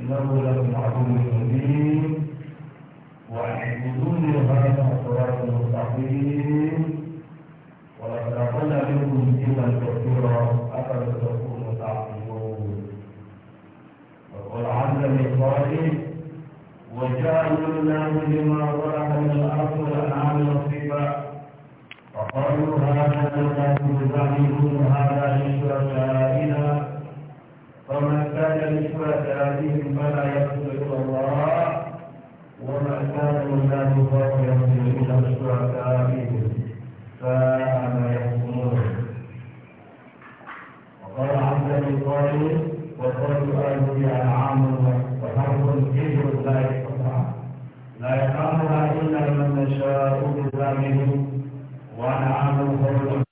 إنه لكم عدو مبين وأن اعبدوني هذا الصراط المستقيم ولقد أخذنا منكم جبلا كثيرا أفلا تكونوا تعقلون وقال عز من قائل وجعلوا الله لما ظلم من الأرض والأنعام نصيبا فقالوا هذا الذي زعمتم هذا من فمن كان لشبهة آتيهم فلا يغفر إلا الله ومن كان الناس فهم يغفرون إلا آتيهم ساء فأنا يحكمون وقال عبد القادر وقال آله عام وحرب كبر لا يستطاع لا يقامها إلا من نشاء بزعمهم وأنا عام فضلا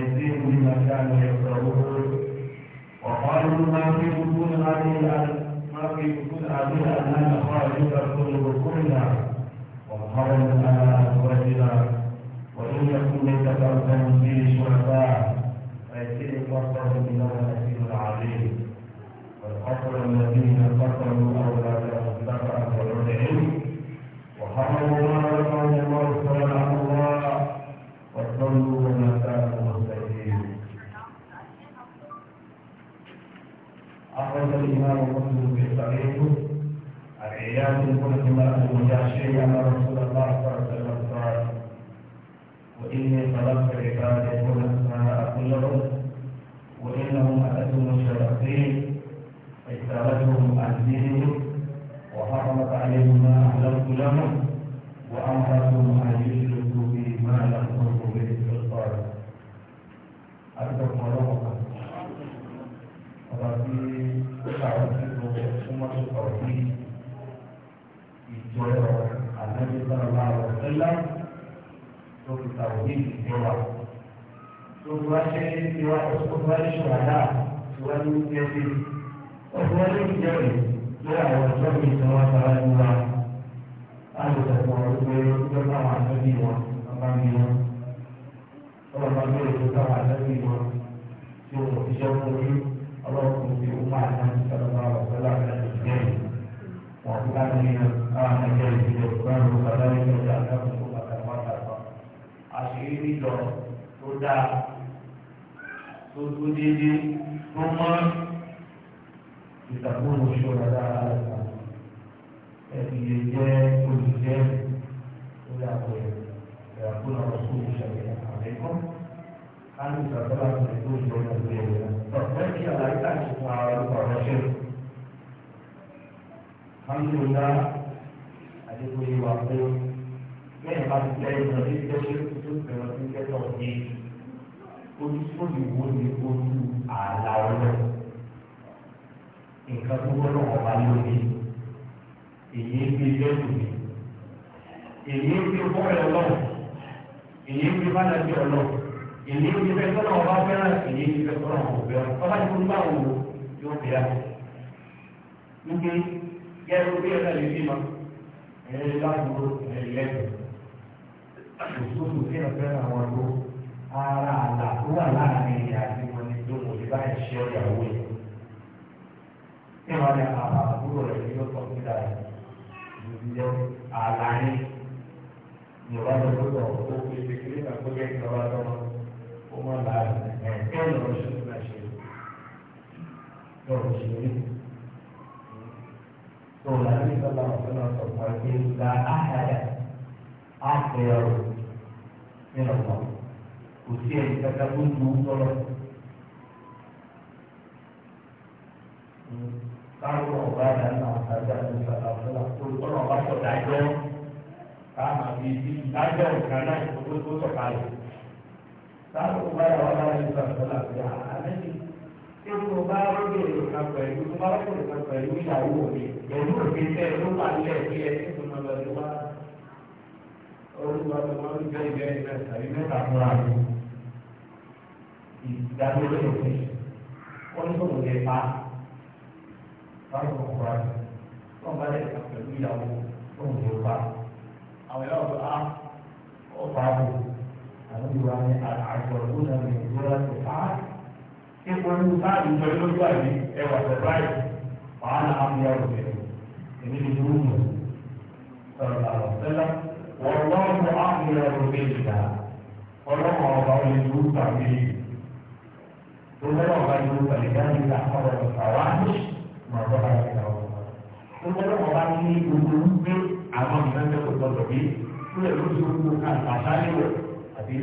ويزيد بما كانوا يكرهون وقالوا ما في بطون هذه ما في بطون هذه الانام كل قلوبكنا وقالوا انا ازواجنا وان يكن لك فردا فيه شركاء فيزيد فردا من النسيم العظيم والقتل الذين قتلوا اولادهم ذكرا ولدهم وحرموا ما رضي الله تعالى بصديقه العياذ كنت امرأة مجاشية أن رسول الله صلى الله عليه وسلم قال وإني طلبت عبادي كل أسماء كلهم وإنهم أتتهم الشياطين فاجتالتهم عن دينهم وحرمت عليهم ما أهلكت لهم وأمرتهم أن يشركوا بي ما لم تكن به سلطان أكبر مرة وقد في حكمة الأرض الجوار النبي صلى الله عليه وسلم في توحيد الجوار سوى شيء سوى سوى الشهداء سوى المسلمين وسوى الجوار لا يوجد سوى سوى الله أهل التقوى ويوجد مع النبي وأمامه ولما يوجد مع النبي وأمامه يوم في جواره اللهم في أمة النبي صلى الله عليه وسلم وكان من كان يجري القرآن وكذلك جعلناكم أمة وسطا àṣírí lọ tó dáa tó tó déédéé tó mọ́ ìtàkùn ìṣòro dáadáa ẹ̀sì lè jẹ́ olùjẹ́ lórí àpò ìyàgbọ́n àwọn sùn ìṣẹ̀lẹ̀ àmẹ́kọ́ ká ní ìgbàgbọ́ láti lè tó ìṣòro ìṣẹ̀lẹ̀ náà. ọ̀pẹ́ ìṣàlàyé láti fún ara lóko alhamdulillah àdéhùn ìwà pé lẹ́yìn bá ti tẹ́ ìwà ní ìjọ́sẹ̀ tó bẹ̀rẹ̀ sí kẹ́tọ̀ ní olùsọ̀lùwò ní olú ààlà ọlọ́ nǹkan tó gbọ́dọ̀ wọ́n bá lónìí èyí ń gbé lẹ́kùn ní èyí ń gbé bọ́ọ̀lù ọlọ́run èyí ń gbé bánàbí ọlọ́run èyí ń gbé bẹ́ẹ̀ tọ́lọ̀ ọba fẹ́ràn èyí ń gbé bẹ́ẹ̀ tọ́lọ̀ ọba fẹ́ràn ọba ìfowópamọ́ yóò bẹ̀rẹ̀ kẹrù bí ẹ̀ka lè bímọ ẹ̀yẹ lágbóró ẹ̀yẹ òṣòṣò kí ẹ̀fẹ́ àwọn ọ̀dọ́ ara àlà tó wà láàrin ìyá àti wọn ni tó mọ̀ nípa ẹ̀ṣẹ́ ìyàwó yìí kí wọ́n ní àbá àbúrò rẹ̀ ní ọkọ̀ nígbà ìdílé àlà ní ìjọba ló ló lọ ó fi ṣe kí nígbà tó yẹ ìjọba lọ ó mọ̀ láàrin ẹ̀ kí tó làbí sọlá ọ̀sọ́nà sọ̀tọ̀ ṣe gba áhàdà áhẹ̀rọ̀ nínú ọ̀pọ̀ kò sí ẹ̀yìn kankan tó ju sọ̀rọ̀. káwọn ọba àdáná àtàjà ní sọlá ọ̀sọ́nà tó tọ́nà ọba sọ̀tà jọ káàmà bíi bíi ìdájọ́ ìkànnà ìfowópamọ́ sọ̀kalẹ̀. káwọn ọba àdáná àtàjà ní sọlá ọ̀sọ́nà tí mo bá rọ́jò lè ka pẹ̀lú mo bá rọ́jò lè ka pẹ̀lú ìyàwó mi pẹ̀lú òfin tẹ́ ló wà lẹ̀ bí ẹ tí mo lọ lọ wá orúkọ tó wọ́n ń bẹ́ ìbẹ́ ìbẹ́ ipò ní báyìí ìjọ lójú àbí ẹwà sẹpáì wàhálà àmúyá òkè èmi ni ìlú mọ sọ̀rọ̀ àrùn sẹlẹ wọn lọ́wọ́ àmúyá òkè ìdá ọlọ́wọ́ ọba òye ìlú tàbí ìlú ọba ìlú tàbí dáhùn ìlà ọ̀rọ̀ ìfàwà màbọ àti ìlàwọ ìlú ọba ní gbogbo wípé àwọn ìdájọ́ tó gbọ́dọ̀ bí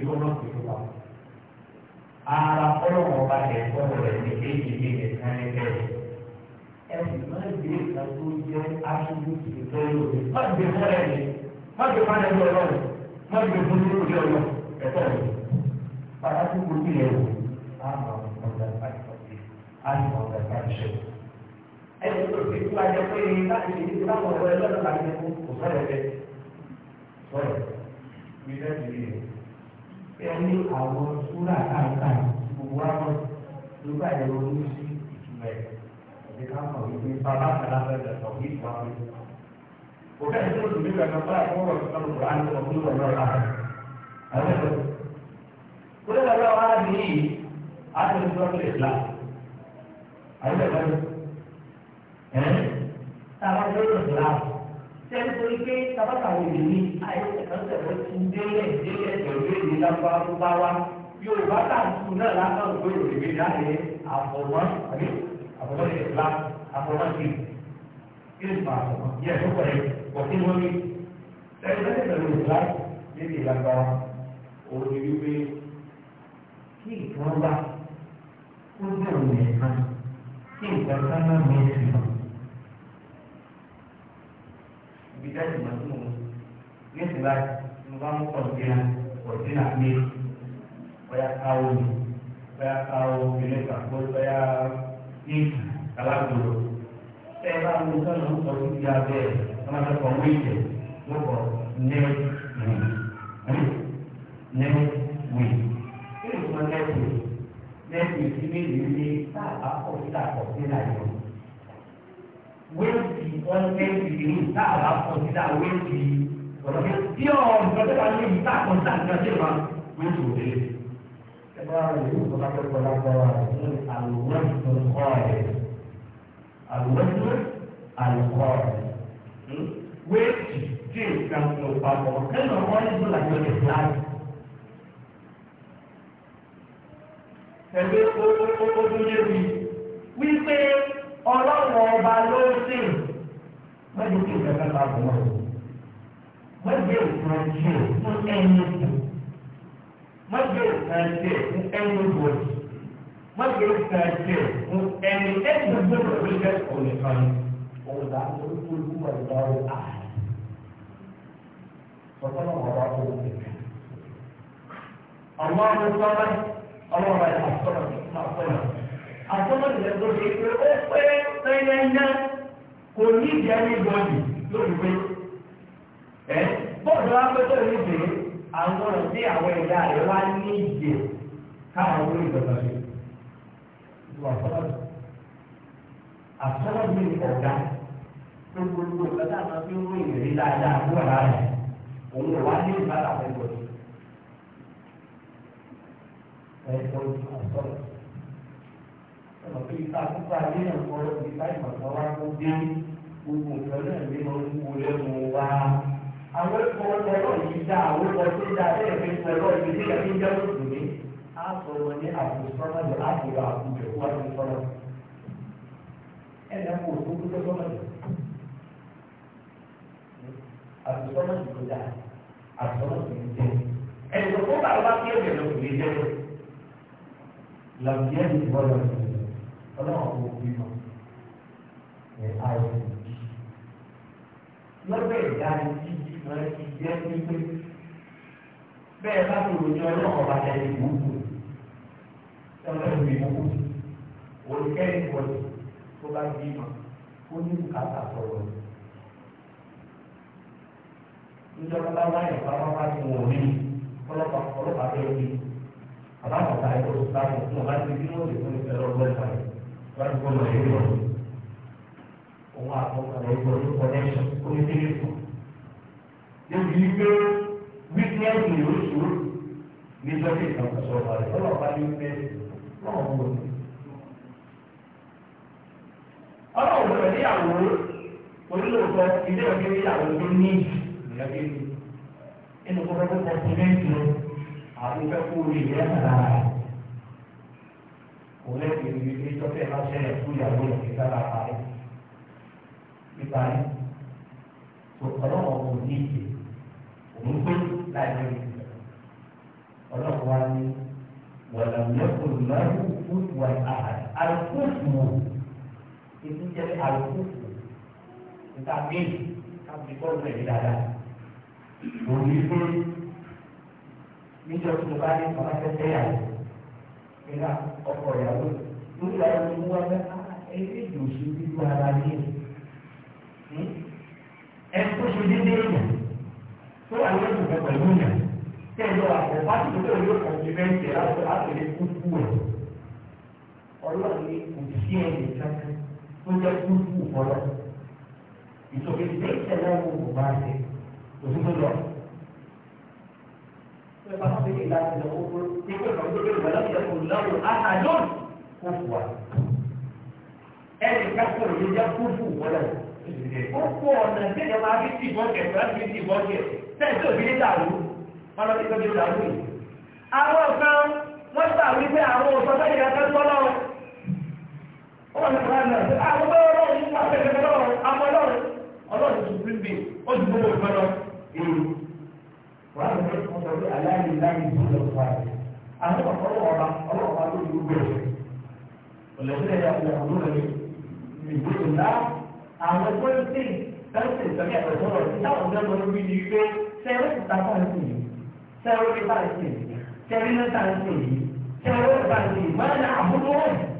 kúlẹ̀ ara ọlọ́wọ́ bá lẹ̀ sọ̀rọ̀ rẹ̀ ní èyí ní ẹ̀ka ẹ̀kẹ́ rẹ̀. ẹ̀sìn máa ń gbé ìka tó jẹ́ aṣojú ìtọ́ lórí. má gbé fún ẹ̀ ní má gbé fún ẹ̀ ní ọlọ́run má gbé fún ní orí ọlọ́run ẹ̀kọ́ rẹ̀. bàbá tó kú sí ẹ̀wò àmọ̀ ọ̀gá àmọ̀ ọ̀gá ṣe. ẹni tó ti tú ajẹ pé láti ṣe ìdílé láwọn ọ̀rọ̀ ẹlọ́dọ̀ ẹni àwọn súrà káńtà gbogbo àwọn nígbà yẹn ló ní sí ìtumẹ̀ ẹ̀dí káńtà wípé bàbá kàlá fẹ́ sọ fún ìtumọ̀ mi. òkè ẹ̀dí tó dùnmí rẹ̀ lọ́pọ̀ àkọ́kọ́ ìtumọ̀ kò á ní sọ fún ìwọ̀n lọ́la. àwọn ẹ̀dọ́ kó lè lọ́wọ́ wá ní yìí á ti àwọn ẹ̀dọ́ ẹ̀ lè la sẹ́ni tó ike tabata lè ní àìsàn ti délẹ̀ délẹ̀ pẹ̀lú èdè lágbàrúbáwá yorùbá tà ń tu náà lákàtúntò gbèrò ìgbé dáhẹ́ àfọwọ́n àbí àfọwọ́n ìlà àfọwọ́n ti kí ni màá fọwọ́n yẹ kó pẹ̀lú ọ̀tí wọn ní sẹ́ni tó tẹ̀lé ìlà lédè lágbàrá òun ni wípé kí ìtàn kó dé òun nìkan kí ìtàn kan náà mẹ́sìn náà. bí dájú màá tún mọ̀ ní ìsìn báyìí mo bá mú kọ̀ǹtínà kọ̀ǹtínà mi bóyá káwó mi bóyá káwó mi nípa bóyá ní alágbòrò ẹ bá mú sọ́nà ń sọ sí ìyá bẹ́ẹ̀ wọ́n máa tọkọ̀ wọ́n ìjẹ́ wọ́n kọ̀ ní ní wì kí ni ìtumọ̀ nẹ́ẹ̀tì nẹ́ẹ̀tì ìdílé yìí ní àkọ́kọ́ sí àkọ́kọ́ sí nàìjíríà wéèdì wọn wéèdì ìlú tá a bá pọ̀ sí dáa wéèdì ọ̀rọ̀ pé tí ọ̀rọ̀ ìgbọ́dọ̀ wà ní ìta kan tá a ti ṣe máa wéèdì òde. ẹ bá rẹ̀ yóò kọ́ ká pẹ́pẹ́ lágbára rẹ̀ ní àlùwẹ́ tó ń kọ́ rẹ̀ àlùwẹ́ tó àlùkọ́ rẹ̀ wéèdì tí nǹkan tó papọ̀ kẹ́lẹ́ ọ̀rọ̀ ìbò làjọ lè fúláì. ẹgbẹ́ ó ó ó ó tó yé mi wípé ọlọ́wọ́ ọba ló ń sìn mẹ́jọ kí ìjọba bá bọ̀ wọ́n mẹ́jọ ìtànjẹ fún ẹni bù mẹ́jọ ìtànjẹ fún ẹni bù mẹ́jọ ìtànjẹ fún ẹni ẹni gbogbo ló jẹ́ ònìkan òǹdà orúkọ olúmọ̀ ìdáwó ààrẹ sọ́kọ́nà ọ̀rọ̀ ọ̀hún nìkan. àwọn ọmọ sọ́mọ́ ọlọ́wọ́ ẹ̀ àtọ́nà àtọ́nà àtọ́mọ̀tìlẹ̀ tó ṣe pé ó pé tẹ́yẹ́yẹ́ kò ní ìdí ẹni bọ́ọ̀dì lórí pé ẹ bọ́ọ̀dù wa pé tó ní ìdè àwọn ọ̀rọ̀ tí àwọn ẹ̀dá rẹ̀ wá ní ìdè káwọn orí ìjọba ṣe. àtọ́mọ̀tìlẹ̀ ní ọ̀gá tó gbogbo ìgbàdá máa fi ń rí ìrírí dáadáa fún ọ̀la rẹ̀ òun ò wá ní ìbára pẹ̀lú ọ̀dọ́. ẹ ọ̀nà pé ìta púpà ayé náà kọ́ ìta ìmọ̀tàn wa kó dé gbogbo nǹkan náà lé lọ sí wo lẹ́nu wa. àwọn ẹ̀kọ́ ọlọ́rọ̀ yìí dá àwọn ọkọ̀ tó dá ẹ̀rọ mi sọ ọlọ́rọ̀ yìí dé ìyàtí ń jẹ́wọ́ sùn ní. a sọ wọn ní àbùsọ́nà lọ àbùrọ̀ àbùjọ wà ní sọ́nà. ẹ̀dá kò tó kúkẹ́ sọ́nà lọ. àbùsọ́nà lọ dá àbùsọ́nà lọ jẹ́. ẹ̀dùn tó bá wá kí ẹ̀jẹ̀ lọ kò lè jẹ́ lọ. làbíyẹ́ ti bọ́ lọ sí i ọlọ́run kò mọ ẹ̀ ayọ̀ ìdí. lọ́bẹ̀ ìdáni tí ìmọ̀ ti jẹ́ pípé bẹ́ẹ̀ bá tó lóyún ọlọ́run ọba jẹ́ ìmúkú ọlọ́run ìmúkú olùkẹ́yìn wọlé tó bá bí mọ ó ní bùkátà sọ̀rọ̀ nítorí bá wáyé bá wá wá ní ọlọ́pàá ọlọ́pàá bẹ́ẹ̀ ní àbáwọ̀ ta ẹ̀kọ́ tó bá wọn fún ọba tí bí wọ́n lè fún ìfẹ́ lọ́gbọ́n ìfàyè lọ́dún tó lọ sí ìwọ̀n òun àkọ́kọ́ rẹ̀ ìwọ̀n ní connection ó ní tẹlifọ̀n níbi wípé wíkẹ́ẹ̀dì oṣù ní sọ́kì ìtàkùsọ̀ ọ̀bà rẹ̀ ọlọ́ọ̀bá ní wípé náà wọ́n wọ́n ní. ọlọ́run bẹ̀rẹ̀ níyàwó onílòpọ̀ ilé ọ̀gbìn níyàwó tó ní ìyàgbé inú kọ́kọ́ kọ́kọ́ sí mẹ́tìrì àwọn ìfẹ́ kúrò ìyẹn àrà rẹ̀ òun lè fi ibi tí tọ́tẹ́ bá ṣẹlẹ̀ fún ìyàwó rẹ̀ kí sábà parí ìparí ọlọ́wọ́ kò ní ìdè òun gbé láìpẹ́ ìdè ọlọ́wọ́ wa ní wọ̀lá lẹ́kùn lẹ́rù fún ìwà àhàdì àlùkùkù ìdí jẹ́ àlùkùkù níta bíi káfí bọ́ọ̀lù rẹ̀ dáadáa òun ní pé níjọ́ tó bá ní ọlọ́fẹ́ fẹ́ yàrá nígbà ọkọ ìyàwó lórí àwọn ọmọ wa bẹ ẹgbẹ́ ìdòṣù nínú ara yẹn hmm? ẹ kó ṣe dédé èèyàn tó wà lórí ìfẹ́ pẹ̀lú ìyàn tẹ ẹ lọ àpò pàtó tó lórí kọ̀ǹtìmẹ́ǹtì láti àtẹlẹ kúkú ẹ ọlọ́run ní kò sí ẹ̀yìn kankan tó jẹ́ kúkú ọlọ́run ìsòkè tẹ̀sẹ̀ náà wò wò òṣùpọ̀ lọ. فقط إلا أن يقول ولم يكن له أحد كفوا ẹnì kan kò lè jẹ kúfù wọlé ó kó ọ̀nà tẹ́lẹ̀ máa fi tì bọ́ọ̀kẹ̀ tó láti fi tì bọ́ọ̀kẹ̀ tẹ́lẹ̀ tó fi ní dàrú wọn lọ sí pé bí dàrú yìí. àwọn kan wọ́n gbà wípé àwọn òṣèlú ìyá kan tọ́ lọ́rùn ó wà ní ìlànà náà àwọn bẹ́ẹ̀ ọlọ́run ń pàṣẹ kẹkẹ lọ́rùn àwọn ọlọ́run ọlọ́run ti fi bí ó ti gbogbo ìfẹ́ lọ wọ́n á lọ sí ọ̀sán pé aláìní láì ní ìlú ọ̀sán rẹ̀. àwọn ọ̀pọ̀ ọlọ́wọ́ba ọlọ́wọ́ba ló ló bẹ̀rẹ̀. ọ̀lẹ́sẹ̀ yà wọ ọdún rẹ̀ ìgbésò ńlá àwọn pọ́lítì tẹ́lifí ìsọ̀rí àtẹ̀sọ̀rọ̀ ìdáhùn ọ̀gá lọ lórí ni pé sẹ́ẹ̀rẹ́sì ta fáǹsì yìí sẹ́ẹ̀rẹ́sì fáǹsì yìí sẹ́ẹ̀rẹ́sì fáǹsì yìí sẹ́ẹ̀rẹ́sì fáǹsì yìí máa ń àmúlò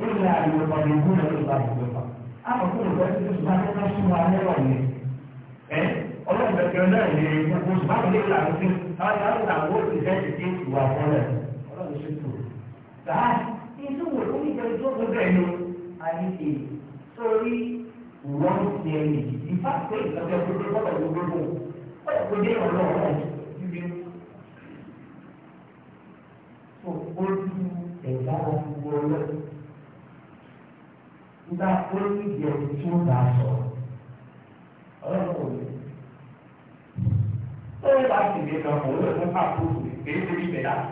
ìlà ìwọ̀n ìlú náà ló bá ìjọba. àmọ̀kúrò bẹ́ẹ̀ ti sùn láti máa sùn wà lẹ́rọ̀ ni. ọlọ́run bẹ̀rẹ̀ náà ní gbogbo sùn láti lè là ń sìn táwọn yàrá ìgbà wo ti dé ìwà ọ̀rẹ́ ọlọ́run ṣe tó. Gbàá inú wo ló ní ìjọba tó gbọdọ̀ ẹnu àyíké sórí wọ́n ti ẹni ìfà pé ìjọba tó gbé bọ́ọ̀lù tó gbé bò bọ́ọ̀lù dé ọlọ́run níbi. Tó o ju ẹ̀dá ọ̀gbọ̀n lọ. Nígbà tó ní ìjẹun tí ó sọ̀rọ̀ ọlọ́run ò tó yẹ bá ti gbé kan kò lè fún pàtó kéé ti rí bẹ̀rẹ̀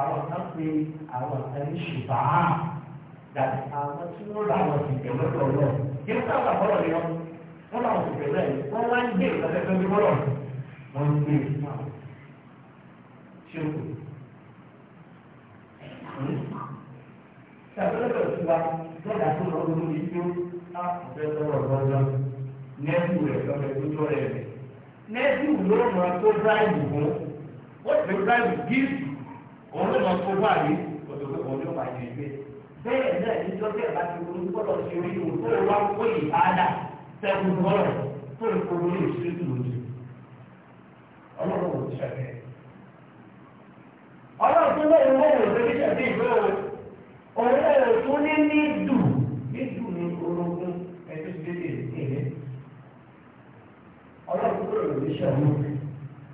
àwọn kan pé àwọn kan ní ṣùgbà á dàbí àwọn tí wọ́n rà wọn ti bẹ̀rẹ̀ lọ́wọ́ kí wọ́n sábà bọ́rọ̀ ni wọ́n wọ́n rà wọn ti bẹ̀rẹ̀ wọ́n wá ń gbé ìgbàlẹ̀ tó ń bọ́rọ̀ wọ́n ń gbé ṣé kò ṣàbẹ̀rẹ̀ tó wá lọ́dà tó lọ́dún ní ìlú àbẹ̀tọ̀rọ̀ lọ́dún nẹ́ẹ̀kú rẹ̀ lọ́dún tó rẹ̀ rẹ̀. na ló mọ̀ tó bíráìlì fún wọ́n ti bíráìlì gíìsì òun ló mọ̀ tó báyìí ọdụ òun ló máa yẹ náà níjọ́ bẹ́ẹ̀ bá ti wọ́n ṣe orí òun tó wá kó ìbáadà sẹ́gun bọ́ọ̀lù tó ń kó orí ìṣèlú lòdì ọlọ́run ò ṣẹ̀fẹ̀. ọlọ́run tó lóun wọ́n wò lórí ṣẹ̀fẹ̀ ìgbé òun òun lóun tó ní ní dù ní dù ní orogún ọlọ́run tó lò ní sọ̀rọ̀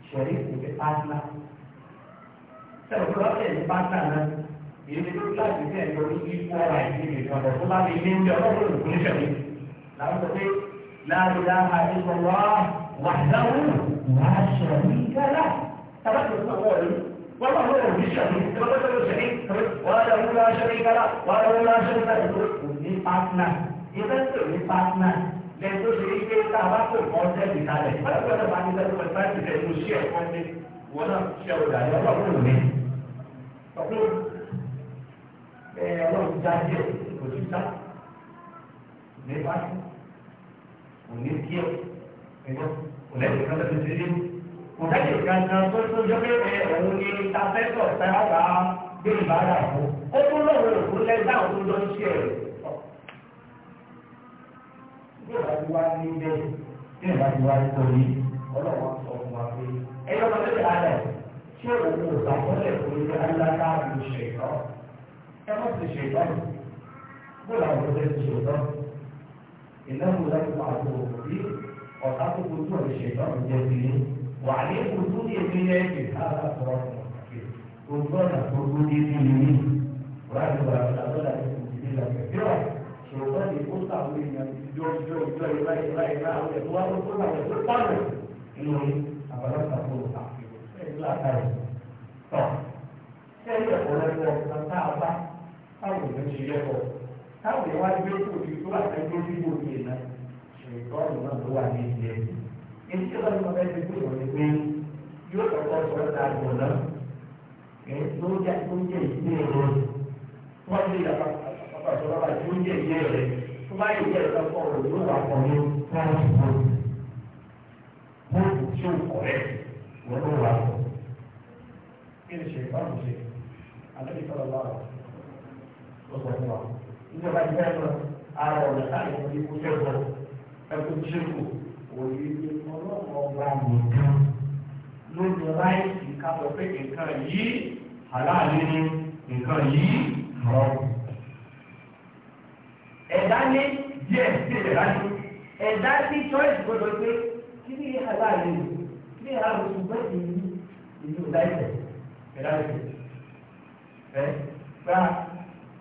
sọ̀rọ̀ kò fi pátá sẹ́wọ̀n tó lọ́sẹ̀ ní pátá náà èyí tó láti fẹ́ lọ ní ipò ọ̀rọ̀ àìsí ìgbìmọ̀ ọ̀rọ̀ tó bá lè ní ní ọlọ́run tó lò ní sọ̀rọ̀ làwọn sọ pé láàrin láàrin àdéhùn wá wà láwọn wà sọ̀rọ̀ ní kálá tàbá tó sọ̀rọ̀ wọ̀nyí والله هو بيشهد كما قلت الشهيد وله لا شريك له lẹ́yìn tó ṣe é pé tá a bá pè kọ́ tẹ́lẹ̀ kalẹ̀ pẹ́ẹ́pẹ́ẹ́ máa ní sẹ́yìn pẹ̀lú láti tẹ̀ mo ṣí ẹ̀kọ́ mi wọn náà ṣe ọ̀dà yọ ọlọ́run mi ọlọ́run ẹ̀ ọlọ́run já díẹ̀ kò sí sá ní bá kò ní díẹ̀ ẹ̀yọ́ kò lẹ́yìn kan lẹ́yìn tó ṣe kò lẹ́yìn kan náà tó tó yọ pé ẹ̀ òun ni ta fẹ́ sọ̀ gbé ìbára fún ó bí ìwà ti wá ní bẹ́ẹ̀ bí ìwà ti wá ní torí ọlọ́wọ́ sọ fún wa pé ẹyọ kan tó ti hàlẹ̀ ṣé òun ò bá tọ́lẹ̀ kó ní alága ló ṣe ìtọ́ ẹ má ti ṣe ìtọ́ bó làwọn ọ̀dọ́ ti ṣe ìtọ́ ìnáwó láti wà ló bí ọ̀tá tó kojú ọ̀rẹ́ ṣe ìtọ́ ìjẹ́ ti ní wà ní kojú ní èmi yẹn ti ká látọ̀rọ̀ kojú ọ̀nà kojú ní èmi yìí ní wà ní ìlànà ìbíọ̀ ṣòwò ní ìjọ ìjọ ìjọ ìlà ìlà ìlà àwọn ẹ̀dùn wa ló kúrò àwọn ẹ̀dùn pààrọ̀ inú rí àbálá ìtàkùn òkà ẹ̀dùn àtàrà tọ̀ sẹ́yìn ọ̀pọ̀lọpọ̀ ọ̀tá àbá táwọn èèyàn ti lẹ́kọ̀ọ́ táwọn èèyàn wá gbé kó di tó àtẹ tó di kó di ìlà ṣèkọ́ ìlànà tó wà ní ilé èyí tí wọ́n lọ bẹ́ẹ̀ ti gbé ìwọ̀n ni pé yóò kọ́kọ́ sọ ẹ́ ta àgbọ̀n náà èyí tó jẹ́ ìdílé rẹ̀ wọ́n ti yàtọ̀ àpapọ̀ àti ọlọ́pàá tó ń ìdílé rẹ̀ máa ń jẹ́ ìtọ́kọ̀ òdúró àpọ̀ ní káàkiri bóòlù tí ó kọ̀ ẹ́ wọ́n ló wà pọ̀. kí ni ṣe báwo ṣe àlejò tọ́lọ̀ bá ó sọ fún wa ìjọba ìgbà ẹ̀ lọ ara ọ̀nà táyà ìwé ikú fẹ́ bọ̀ ẹkú jíìkù òye ọlọ́run ọba nìkan lórí ráìsì ká lọ pé nǹkan yìí aláàlẹ́ ni nǹkan yìí rọrùn ẹ̀dá ní díẹ̀ sí ẹ̀dá ní ẹ̀dá ní choice gbọdọ̀ pé kí ni àlá rẹ̀ lò kí ni àlá rẹ̀ ṣùgbọ́n èyí ìlú láìpẹ́ ẹ̀dá rẹ̀ ẹ̀ gbá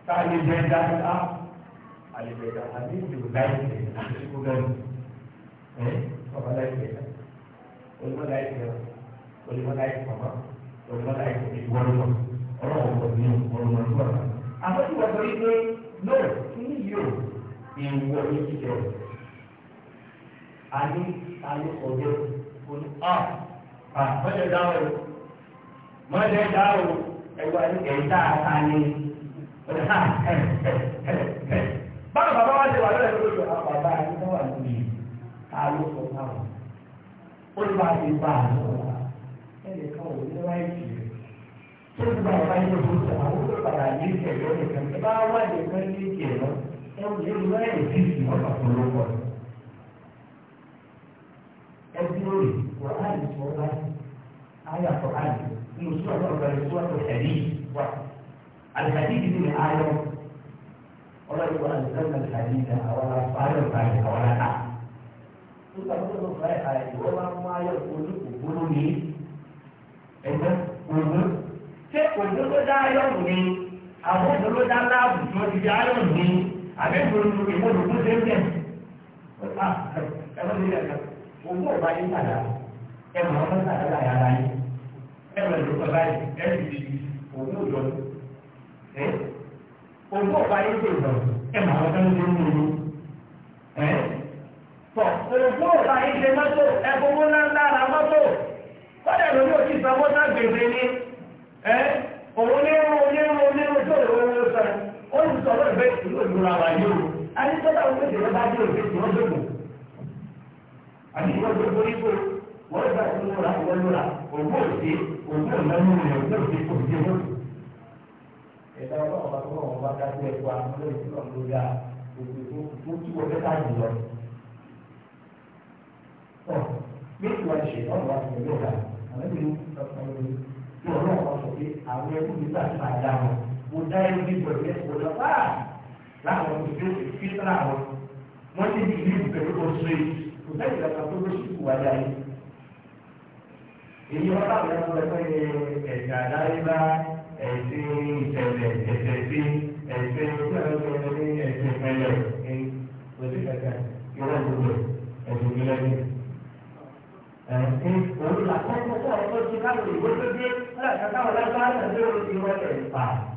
ká lè jẹ ẹ̀dá ẹ̀dá àlejò ẹ̀dá àbí ìlú láìpẹ́ àdúgbò gẹ́gẹ́ ẹ̀ ọba láìpẹ́ olùmọ̀ láìpẹ́ olùmọ̀ láìpẹ́ mọ́ olùmọ̀ láìpẹ́ ìwọ́lùmọ̀ ọlọ́wọ́ ọ̀gbọ̀n ní ọlọ́mọ àmọ́ tí wọ́n sọ yìí pé lóò kí ni yìí ìwọ ní tìjọ àní àní ọjọ́ òní à à mọdẹ dáwọ mọdẹ dáwọ ẹwà ní ẹ̀dá àtàní ọdẹ ha ẹ ẹ ẹ báwo bàbá wa ṣe wà lọ́dọ̀ tó lóṣù àwọn bàbá yìí tó wà lórí ká ló sọ táwọn ó ní bá ti bá a lọ wá ẹnìkan ò ní wáyé jù tó ti bá a bá yẹ kó sọ àwọn olùpàdà yìí tẹ̀lé ẹnìkan ẹ bá wá ẹnìkan ní ìjẹ́ náà ẹrù yẹn ló láyé sí ìsìn wọn pàtó lọ́wọ́ ẹbí lórí wà láyé sọ láyé ayé àtọ̀ láyé nínú sọ àtọ̀ lọ́wọ́ sọ àtọ̀ ẹ̀rí wà àlùkàdé ìdílé ní ayọ̀ ọlọ́yẹ̀ wà àlùkàdé àlùkàdé ìdá àwọn afárẹ̀ ọ̀kadì àwọn àtà nígbà tó lọ fà ẹ̀ àyè wọ́n bá mú ayọ̀ olókùnkùn ni àwọn ògùn ló dá ti di ayọ̀ ni àbẹ́tòlù ìmọ̀lùkù ṣe ń bẹ̀. ẹ̀wọ́n ní ìyàgbá òkú ọ̀bá yín padà ẹ̀rọ ọmọ padà láyà ara yín ẹ̀rọ ìlúkọ báyìí ẹ̀rọ ìdí òkú òjò ẹ̀ òkú ọ̀bá yín ṣe ìdọ̀ ẹ̀rọ ọmọ tó ń ṣe ń lò ẹ̀ tọ̀ òkú ọ̀bá yín ṣe mọ́tò ẹ̀kọ́wó ńláńlá ra mọ́tò kọ́dà lórí òkú ìsàmọ́tà gbèsè ni ẹ̀ òun ní irun onírun onírun tó lè ó ń sọ lọ́rọ̀ bẹ́ẹ̀ ìlú ìlúra wa yóò adéṣẹ́lá wọn méjì lọ́ba dé òfin tí wọ́n dògbò àbí wọ́n dògbò yípo wọ́n gbà tí wọ́n rà wọ́n lóra ògbó òsè ògbó ìnáwó rẹ̀ ògbó òsè kò dé wọ́n. ẹ̀dá ọlọ́run bá tó wọn bá dájú ẹ̀ wá lórí ìlú ọ̀gbọ́dá òkú tó tí wọ́n fẹ́ káàdì lọ. bí ìwà mo dá ẹbí bọ̀ ẹ̀ kò lọ bá láwọn òṣèlú fífúnra wọn wọ́n ti di ìlú pẹ̀lú oṣù yìí kò bẹ́ẹ̀ ìgbà kan tó lóṣù wà láyé. èyí wọn láwọn yàtọ̀ ẹgbẹ́ ẹ̀sìn àdáyébá ẹ̀sìn ìṣẹ̀lẹ̀ ẹ̀sẹ̀ sí ẹ̀sẹ̀ ìṣẹ̀lẹ̀ ẹ̀sẹ̀ ìpẹ̀lẹ̀ òṣì kẹ̀kẹ́ ìwọ́n gbogbo ẹ̀sìn ìpínlẹ̀ ní. ẹ̀sìn òun làkọ́kọ́ ọ̀rọ̀ tó ti láwọn ìwé tó dé láti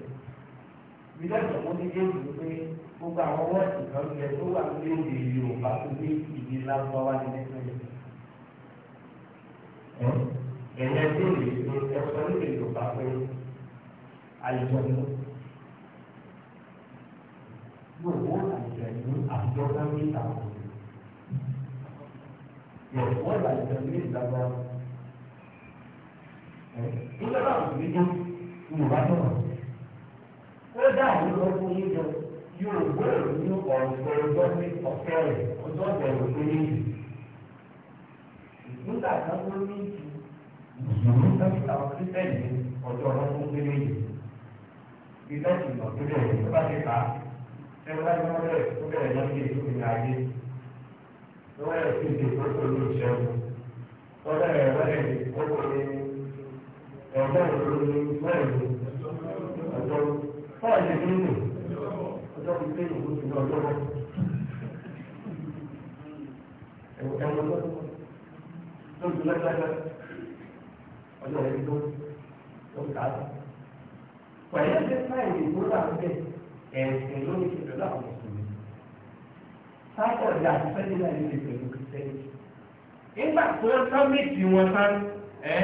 ìdájọ́ mo ti dé ìlú pé gbogbo àwọn wọ́ọ̀sì kan lẹ tó wà ní èdè Yorùbá tó dé ìdí lágbáwá ní nàìjíríà ẹ̀yẹ tí èdè ìlú ẹ̀sọ́ ní èdè Yorùbá pé àìjọ̀nù gbogbo àìjọ̀nù àjọ kan ní ìtàkùn wọ́n là àìjọ̀nù ní ìtàkùn ìjọba òṣèlú Yorùbá tó wà kódà ìlú ọdún yìí lọ yóò gbèrò ní ọ̀rọ̀ ọjọ́ ní ọ̀fẹ́ rẹ̀ ọjọ́ bẹ̀rù tó ní ìlú. ìgbúdà kan ló ní ìlú ìṣòro dókítà kírísítẹ́nì ọjọ́ ọdún tó ní ìlú. ìdájì ìmọ̀ tó bẹ̀rẹ̀ tó bá ti kà á ẹ̀rọ láti wọ́n bẹ̀rẹ̀ tó bẹ̀rẹ̀ lọ́sí ètò ìrìn ayé lọ́wọ́ ẹ̀ ti kó tó ní ìṣẹ́gun fọ́ọ̀ ṣe kí nínú ọjọ́ fi pé ìlú ti ní ọjọ́ bọ́ ẹ̀wọ̀n tó tó ju lẹ́gbẹ́lẹ́gbẹ́ ọjọ́ rẹ̀ tó tó ká lọ. pẹ̀lú ẹgbẹ́ sáyẹn ìbò náà ń bẹ̀ ẹ̀sìn ló ní ṣe pẹ̀lú àwọn mùsùlùmí. sáyẹn ọ̀dà àtúnṣẹ́lẹ̀ náà ní ṣe pẹ̀lú kìrìsìtẹ́nì. nígbà tó ń tọ́ méjì wọn tán ẹ́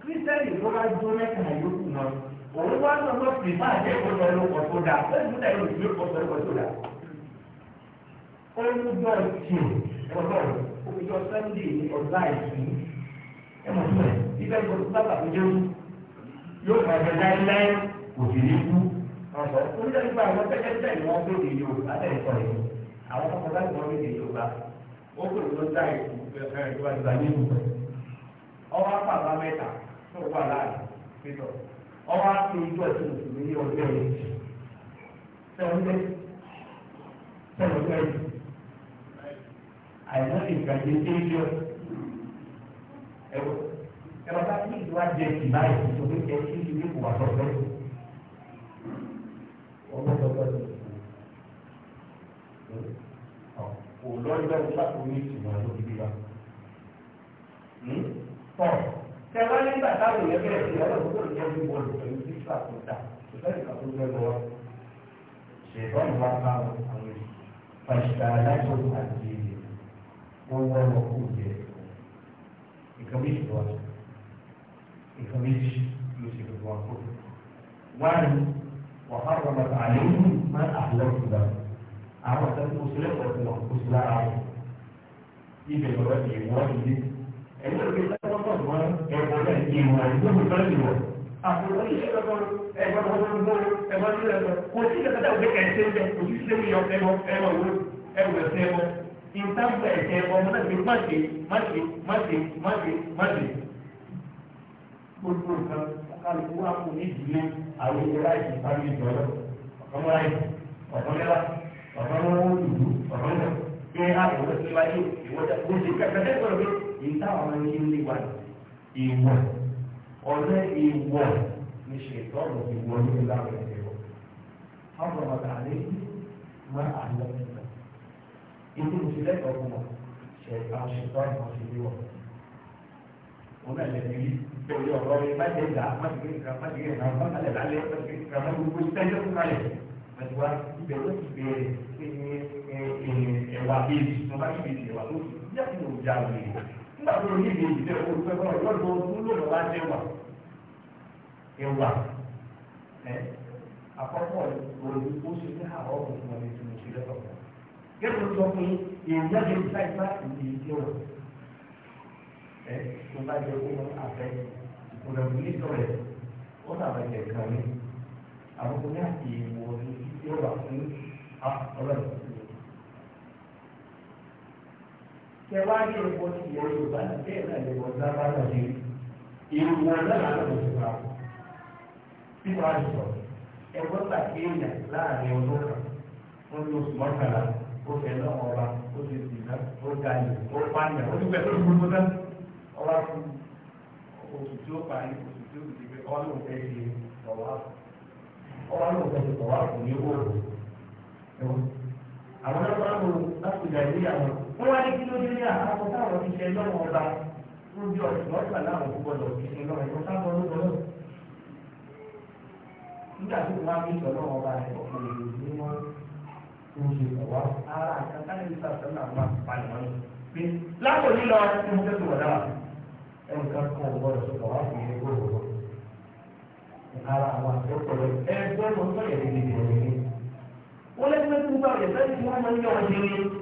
kìrìsìtẹ́nì ló bá dún mẹ́ta yókù náà òun wá náà wọ́n fi máa jẹ́ ìkọ̀sọ̀ ẹlòpọ̀ tó dà bẹ́ẹ̀ ní ìlú ìlú ìkọ̀sọ̀ ẹlòpọ̀ tó dà. olùdó tiẹ̀ ọ̀dọ́ olùdó sẹ́ńdì ọ̀dá ìsìn ẹ̀ mọ̀ fún ẹ̀ ibẹ̀ ìkọ̀sọ̀ sábà tó jẹ́ yóò máa jẹ láíláí kò sì ní kú. ọ̀sọ̀ onílẹ̀ nípa àwọn tẹ́tẹ́tẹ́ ni wọ́n gbé ìdíyò látẹ̀kọ̀ yìí àwọn ọkọ̀ láti wọ́n gbé ìdíyò bá ó pè ló dá ìkú ọwọ́ apá àbámẹ́ta tó wà láàrin pétọ̀ ọwọ́ àti ojú ẹ̀sìn mùsùlùmí ní ọjọ́ yìí sẹ́wọ́ndé sẹ́wọ́ndé àìsàn ìgbàgbé déédéé ẹ̀wọ̀ ẹ̀wọ̀ bá ní ìlú àjẹ ìbáyìí tó ní kẹ́ kí ìlú ìwà tọ́tọ́ ọmọ tọ́tọ́ ní òlọ́ọ̀dọ́ ìgbà tó ní ìtumọ̀ lórí bíbá hmm? tọ́. tẹ̀wá nígbà táwọn èèyàn bẹ̀rẹ̀ sí ọ̀rọ̀ òkúrò jẹ́ bí wọ́n lò pẹ̀lú fífà tó dà kò fẹ́ ìgbà tó gbẹ lọ́wọ́ ṣèbọn wá bá wọn àwọn èèyàn pàṣípà aláṣọ àti wọn wọ́n wọn kú jẹ nǹkan méjì lọ nǹkan méjì ló ṣe gbogbo wọn kú wọn wọ́n á rọ̀ bàtà àléhùn máa àlọ́ ìgbà àwọn àtàkùn òṣèlú ọ̀sẹ̀ wọn kó sí lára rẹ̀ ibẹ̀ lọ́wọ́ ìwọ́n ilé ẹ̀yìn òkè mọ́ ẹ̀bọ̀ náà ìwọ̀ ìgbóhùn náà ìwọ̀. àpòlò ìṣẹ́ lọ́kọ́ ẹ̀gbọ́n ọdún gbó ẹ̀gbọ́n nílẹ̀ lọ kò sí ìlẹ̀kọ́tà òwe ẹ̀ṣẹ́ ńbẹ kò sí sílẹ̀ yọ ẹ̀wọ̀ ẹ̀wọ̀ ẹ̀wọ̀ ẹ̀ṣẹ́ ẹ̀wọ̀ ìtàgbà ẹ̀ṣẹ́ ọmọ náà ti má ṣe má ṣe má ṣe má ṣe má ṣe. gbogbo nǹkan kálukú wa kò ní ìdílé àwọn ìlera ìfipámi ìjọba ọmọ ayé ọ̀tọ́lẹ́lá ọ̀tọ́lẹ́wọ́ òdùdú ọ̀tọ́lẹ́wọ́ pé àwọn ìwọ́sí wáyé ìwọ́sí kẹfẹ́ tẹ́gbọ̀rọ̀ pé ìta àwọn ẹni ń lé wáyé ìwọ̀ ọ̀lẹ ìwọ̀ ní ṣètọ́nù ìwọ̀ ní ìlànà ìwọ̀. ọ̀rọ̀ ọ̀gá lè má àlọ́ ìgbà. ìdí ìṣẹ̀lẹ̀ ọ̀gbọ̀n ṣẹ̀ka ṣètọ́nù ọ̀sẹ̀ ìwọ̀. wọn náà lè ní torí ọ̀rọ̀ yẹn má jẹ́ ìgbà má jẹ́ ìgbà má jẹ́ ìgbà má jẹ́ ìgbà lálẹ́ má jẹ́ ìgbà má gbogbo ìtẹ́jọ́ fún kalẹ̀. àtiwá ìbẹ̀rẹ̀ ìbẹ̀rẹ̀ ẹ̀wà bíi ìwà tó ti nígbà ní ìdè ìdè owó tó ọjọ́ tó tún lòdò wá sí wà ìwà ẹ àkọ́kọ́ òní ó ṣe ní àwọn ọ̀gbìn ọ̀gbìn tó ní ìṣẹ̀lẹ̀ ọ̀gbìn. Gẹ́gẹ́ sọ pé èèyàn lè gba ìgbà ìdè ìdè wà ẹ tó bá jẹ owó àfẹ ìkùnà ìlú ìtọ́rẹ̀ ó dàbẹ̀ jẹ̀ kàn mí àwọn ọmọ náà ti wọ̀ ìdè wà fún ọlọ́run. tẹ̀wá ní ẹ̀kọ́ ti yẹ yorùbá bẹ́ẹ̀ náà lè wọ́n dábàá náà ṣe èrò wọn náà lọ́dọ̀ sí wa tí wọ́n á sọ ẹ̀kọ́ pàṣẹ èèyàn láàrin ọdún kan wọ́n ní oṣù mọ́kànlá ó fẹ́ náà ọba ó ti sì náà ó ga yìí ó pààyàn ó dúpẹ́ lórí gbogbo náà ọba fún oṣù tí ó pààyàn oṣù tí ó ti fi ọlọ́run fẹ́ ṣe ọ̀wá ọlọ́run fẹ́ ṣe ọ̀wá fún ní owó ẹ̀wọ̀n àwọn ọlọ́run láti gbà ilé àwọn wọ́n wá ní kí ló dé ní táwọn ti ṣe lọ́wọ́ ọba lójú ọ̀sùn ọ̀sùn aláwọ̀ púpọ̀ lọ sí ṣe lọ́wọ́ ẹ̀kọ́ sábọ̀ lọ́wọ́ lọ́wọ́ nígbà tó wá ní ìṣọ̀lọ́ ọba rẹ̀ ọkùnrin ní wọ́n ń ṣe ọ̀wá ara àtàkàlẹ̀ nípa ìṣọ̀lọ́ àwọn àpàlẹ̀ wọn pé lápò nílọ tí mo fẹ́ sọ̀rọ̀ dáwà ẹnìkan kan ò gbọ́dọ̀ sọ̀rọ̀ wá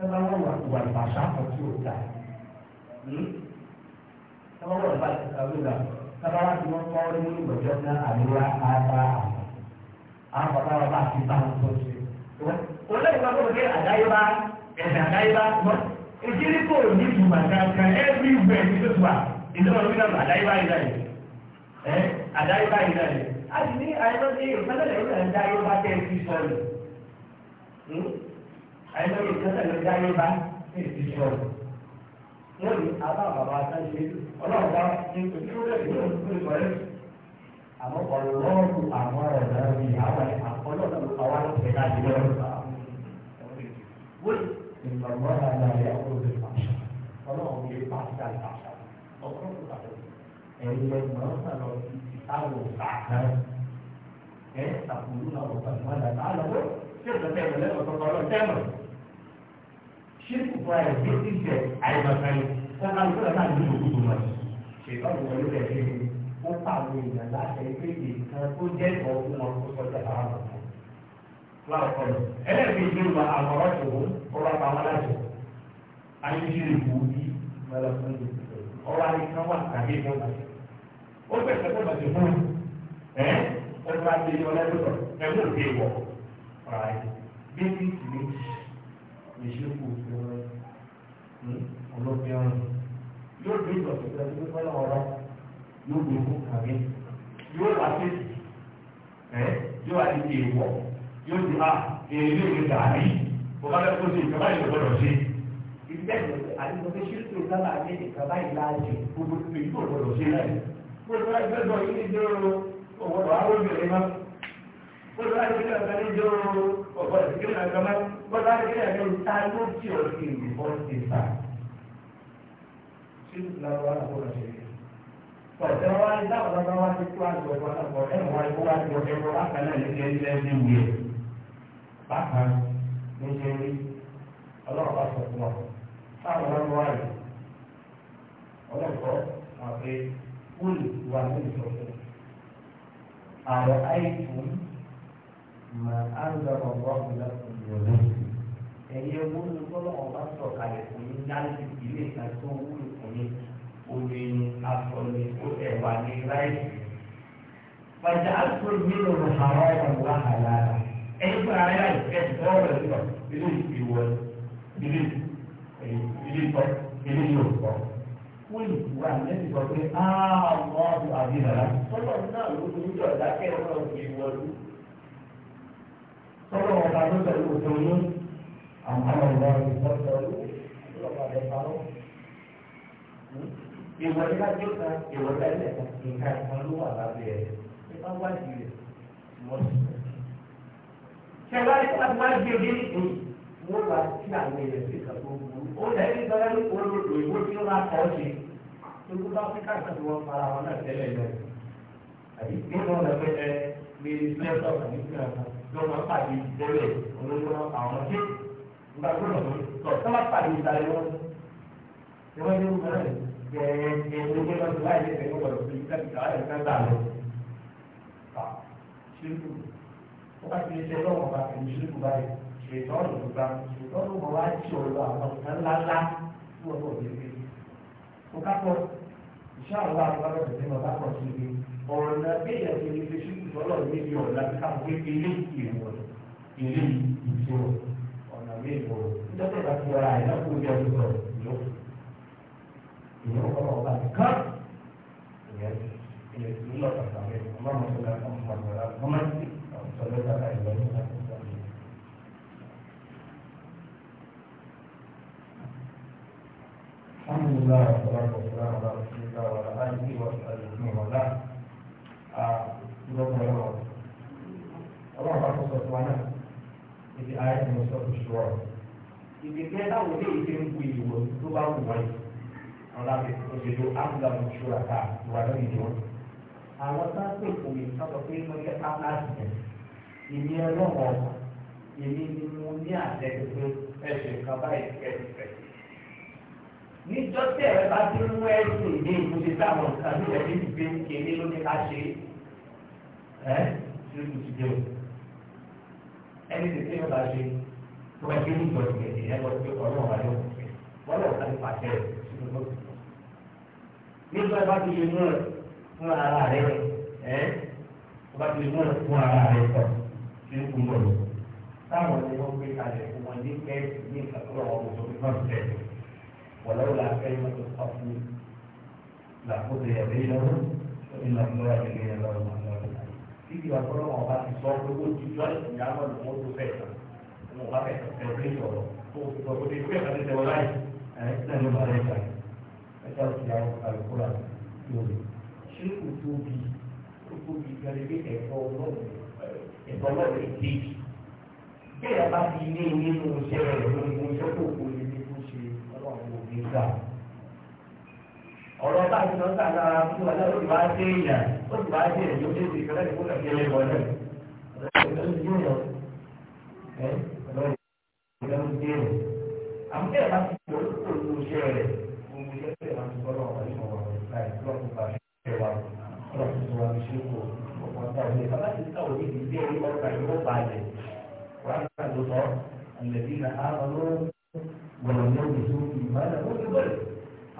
sábà wọn wà wà ìbàṣà kan tí ó dà sábà wọn wà ìbàṣà tí ó dà sábà wọn ti wọn kọ́ ní ìgbọ̀jọ́ náà àríwá ara àwọn bàbá wa bá ti bá wọn tó ṣe. olóyè bá tó ṣe àdáyébá ẹ̀sẹ̀ àdáyébá mọ́ ìdílé kò ní ìtumọ̀ kankan everywhere ní tó wà ìdúró lórí náà àdáyébá yìí láyé àdáyébá yìí láyé. a sì ní àyẹ̀wò sí ìfẹ́lẹ́lẹ̀ ìfẹ́lẹ́lẹ̀ àdáyébá tẹ̀ sí sọ́ọ̀lù àyẹ̀wò ìtọ́jà ló dá yé bá ní ìdí sọ̀rọ̀. wọ́n ní abá bàbá àtàṣe ọlọ́run ní ìdúró ìlú ìgbà rẹ̀. àmọ́ ọlọ́run àwọn ọ̀rọ̀ rí àwọn àkọlọ́run àwọn àlọ́fẹ́ láti lọ́rọ̀. wọ́n ìgbàgbọ́ àgbà rẹ̀ àwọn olùfàṣà ọlọ́run lè pàṣẹ àṣà ọkùnrin pàṣẹ ẹ̀yẹ ẹ̀ ṣàkóso ṣírkù fún ẹ̀ tó ti jẹ àìbàkàlẹ̀ fún alùpùpù náà ní ìlú tó wà. ṣèkọ́nù wọlé rẹ̀ ṣe ni ó pàwọn èèyàn láti ẹgbẹ́ ìkan tó jẹ́ ìwọ̀n fún wọn kó sọ́jà àwọn ọ̀tọ̀. láàkọ́ lọ ẹlẹ́gbẹ̀ẹ́ ìlú wa àwọn ọ̀tọ̀ wọn ọba pàwọn aláṣọ. ayélujára ìwò bí ọba nìkan wà tàbí ìjọba. ó bẹ̀rẹ̀ sọ́kọ̀ bàtẹ̀ fún ẹ̀ ọba àti ìjọba ẹ̀mú òkè wọ̀ ìṣekú ìfẹ́rẹ́ ọlọ́pẹ́ ọ̀run yóò gbé ìtọ̀sẹ̀ tẹ́lẹ̀ tó fẹ́ lọ́wọ́ rẹ̀ yóò gbé fún kàmí yóò wá sí ẹ̀ yóò wá sí èèwọ̀ yóò di a èlé ìwé dàbí bọ́lá bẹ́ẹ̀ kó sí ìjọba ìlú gbọ́dọ̀ sí. ìgbẹ́ ìgbẹ́ àdìgbòkè ṣírùkù ìjọba ní ìjọba ìlàjì gbogbo ìgbò gbọ́dọ̀ sí láì. gbogbo ìgbẹ́ bọ́dọ̀ láti kí ẹ̀ka ní jọ ọ̀pọ̀ ìsìnkú náà gbọ́mọ́ bọ́dọ̀ láti kí ẹ̀ka ní ta ló ti ọ̀sẹ̀ ìrìbọ̀ ti fà. ṣé lọ́wọ́ wa kò ṣe é? ọ̀sẹ̀ wa ní táwọn ọ̀sẹ̀ wa ti kó àgbọ̀ ọ̀pọ̀ ẹ̀ wọ́n ikú wa ti ọ̀sẹ̀ wọn bákan náà níṣẹ́ ilé ẹni wúyẹ̀ bákan níṣẹ́ rí ọlọ́run bá sọ fún ọ táwọn ọ̀sẹ̀ wa yìí ọlọ́kọ̀ àpè kúlù wà ní ìsọ̀tún àrọ̀ àìsùn mà á ń lọ ọ̀rọ̀ ọ̀lọ́kùn lọ́wọ́ ẹ̀yẹ wúlò tọ́lọ́wọ́ bá sọ̀ kalẹ̀ fún yín láti ìdílé kan tó wúlò fún yín omi asọ̀lẹ̀ ẹ̀wà ní ráìsì. Bàjẹ́ àtúntò nínú àwọn ọmọ wa àlá rẹ̀. Ẹyin fún ara yára ìfẹ́ ìfẹ́ ọ̀rọ̀ ìlú ilé ìwọ̀ ilé ilé ìtọ́ ilé ìyọ̀kọ̀. Wọ́n lè wà lẹ́nu ìgbà pé àwọn ọmọ àbí ìlànà. Tọ́lọ̀ náà ló ń jọ̀dá kẹ́ ọ̀rọ̀ ìwọ̀lú tọ́lọ̀ ọba ló bẹ̀rù òfin yín àwọn ọmọ ìwà ìfọ́ sọ̀rọ̀ ló bá bẹ̀ parọ́. ìwọ ní láti ó kan ìwọ lẹ́lẹ̀ nǹkan kan ló wà lábẹ́ ẹ̀ ẹ bá wá jù rẹ̀ wọ́n sì sọ. ṣẹlá ní káàtì wá gbé ojú nìkan wọ́n wá sí àwọn èèyàn sí ìkàtó òkú ó lẹ́yìn ìgbàlá ní olóògbé ìwé tí ó máa kọ́ ṣe tó bá fi káàkiri wọn fara wọn náà tẹ́lẹ̀ náà àbí kí wọ́n lọ fẹ́ ní lẹ́tọ̀ nígbà ló máa pàdé ìbẹ̀rẹ̀ olóyún wọn àwọn ṣé nígbà tó lọ́wọ́ tọ̀ tó máa pàdé ìdarí wọn. ṣé wọ́n yóò máa bẹ̀rẹ̀ ẹ̀rọ ní wọn tó láì lẹ́sẹ̀ níwọ̀n tó yí káàkiri àwọn ẹ̀ka gbà lọ. ṣírùkù ó bá ti ṣe lọ́wọ́ bá ti ṣírùkù báyìí ṣètọ́nù gbà ṣètọ́nù mọ̀ wá ti ọ̀rọ̀ àwọn kan ńláńlá fún ọ̀pọ̀ ọ̀rọ̀ náà bí ìyàtọ̀ ìlú fi ṣí tọ́lọ̀ níbi ọ̀la káwé ilé ìwọ̀ ilé ìṣòro ọ̀nà méjọ nítorí bá ti wá àyà kó jẹ́ ọ̀dọ̀ ìlú ìlú ọ̀rọ̀ ọ̀la kan ìyẹn ìyẹn ìlú lọ́ta sàmì ọmọ mọ̀tòlá ọmọ mọ̀tòlá ọmọ sí ọ̀tọ̀lẹ́ bàbá ìlú ọ̀la الحمد لله والصلاة والسلام على رسول الله وعلى آله وصحبه ومن والاه lọ́dún ọlọ́run ọlọ́run bá tó sọ fún wa náà ibi ayé ni mo sọ fún ṣùgbọ́n ibi kẹ́ táwọn ilé ìgbé ń bu ìwò tó bá wù wáyé àwọn láti òṣèlú ámúlàmù ṣùgbọ́n àká ìwà lórí ìjọ àwọn tá a pè fún mi sọ pé mo jẹ ámúlàmù ìní ọlọ́run èmi ni mo ní àṣẹ pé ẹsẹ̀ kan báyìí kẹ́ẹ̀fẹ̀ níjọ́ tí ẹ̀rẹ́ bá ti mú ẹ̀sìn ní ìmúṣe táwọn nǹkan ní ẹ̀mí ìgbé kéde ló ní ká ṣe é ẹ ṣé kò ti dé o ẹni tí tí yóò bá ṣe tó bá dé nígbà tí kẹ̀kẹ́ ẹ lọ sí ọlọ́run wa yóò fẹ́ wọ́n lọ ká ní pàṣẹ rẹ̀ sínú lọ́sùn. nígbà bá ti lè mú rẹ̀ fún ara rẹ̀ ẹ tó bá ti lè mú rẹ̀ fún ara rẹ̀ tọ̀ ṣé kò lọ. táwọn ni wọ́n gbé kalẹ̀ fún wọn ní kẹ́ẹ̀sì ní ìkàkúrọ̀ wọn kò tóbi náà tẹ̀ wọ́lọ́wọ́ la fẹ́ mọ́tò sọ́ọ̀tún làkúté ẹ̀rí lọ́wọ́ ìlànà ìlú títí wà wọn bá ti sọ pé ó ti jọ ìyá wọn lò wọ́n bẹ́ẹ̀ tán wọn bá fẹ́ tẹ̀lé ní sọ̀rọ̀ tó o sọ pé pé ẹ̀ka ti tẹ̀wọ́ láì ẹ̀ ẹ̀ ní ọba rẹ̀ kàì ẹ̀ka ti yà wọ́n kàì kúrò àti ṣé o tóbi o tóbi gẹ́gẹ́ bí ẹ̀kọ́ ọlọ́run ti ọlọ́run ò ọ̀rọ̀ bá ti lọ́ọ́ sàlá fún wa lọ́wọ́ ìwà dé ìyà ó sì wá dé ẹ̀yọ́ dé ìdí kọ́lá ìfowópamọ́ ìyẹlẹ wọlé àmúlẹ̀ bá ti lọ sí òkú iṣẹ́ rẹ̀ fún mi lẹ́sẹ̀ máa ti sọ lọ́wọ́ nínú ọ̀rọ̀ láì lọ́kù bá ṣe wà lọ́kù tó wà ní ṣe kò ọ̀pọ̀ ọ̀tá òde bàbá ti sá òde ti dé orí ọ̀gá ìwọ́ balẹ̀ wà á kà ló sọ àlẹ́bí nà á lọ́wọ́ gbọ̀dọ̀ ní òkè tó ìmọ̀lẹ̀ ó ti bọ̀lẹ̀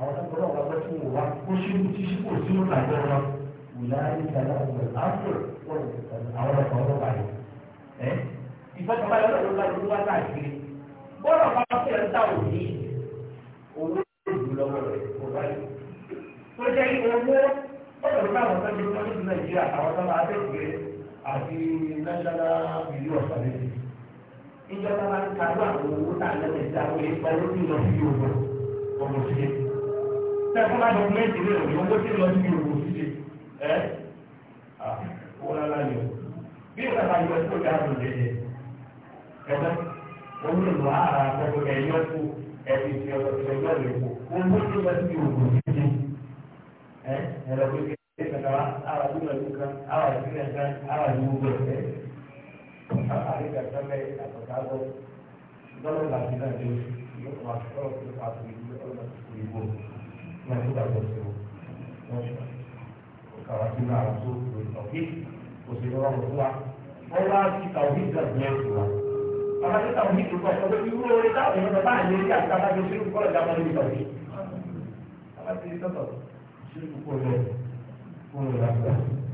àwọn tó gbọ́dọ̀ wà lọ́sí wò wá ó ṣe ń tí kò sí ní àjọ wọn ìlà ìtàlá ọgbẹ àpò wọn àwọn ọkọ ọgbà báyìí ẹ ìfọ̀tọ̀mọ́ ẹ̀ lọ́dọ̀ lọ́dọ̀ wá káàkiri bọ́ọ̀lù ọba fẹ́ ń ta òní owó ìlú lọ́wọ́ rẹ̀ kò báyìí tó jẹ́ owó ọ̀dọ̀ ní àwọn sọ́jú ní nàìjíríà àwọn sọ́jú máa ń kájú àwọn owó tá tẹ́kọ́lá dọ́kúmẹ́ntì rẹ̀ òní owó tí lọ sí òwò síse ẹ́ owó lálá ni o bí o kàtà yọ ẹ̀kọ́ ìjà àrùn jẹjẹ ẹ̀fẹ́ olùlọ ara pẹ̀lú ẹ̀yọ́ kú ẹ̀sìn ti ọ̀yọ́ rẹ̀ kú owó tí lọ sí òwò síse ẹ́ ẹ̀rọ pé kí ẹ̀ kàtà ara tó lọ sí kan ara ìpínlẹ̀ kan ara ìwúgbọ ẹ̀ àríkà sẹ́fẹ̀ àtọ̀tàbọ̀ lọ́lọ́ náà nígbà tó ṣe o kàwá sí náà àwọn tó lè kò sí lọ́wọ́ fún wa wọ́n wá sí tàwí ìgbàgbé ẹ̀sùn wa àwọn tó tàwí ìgbàgbé ọ̀sán tó fi wúlò orí táwọn èèyàn bá àlè rí àti àbájọ sí olùkọ́ ọ̀gá máa lórí tàwí. àwọn ti rí tọ́tọ̀ sí olùkọ́ ọ̀gá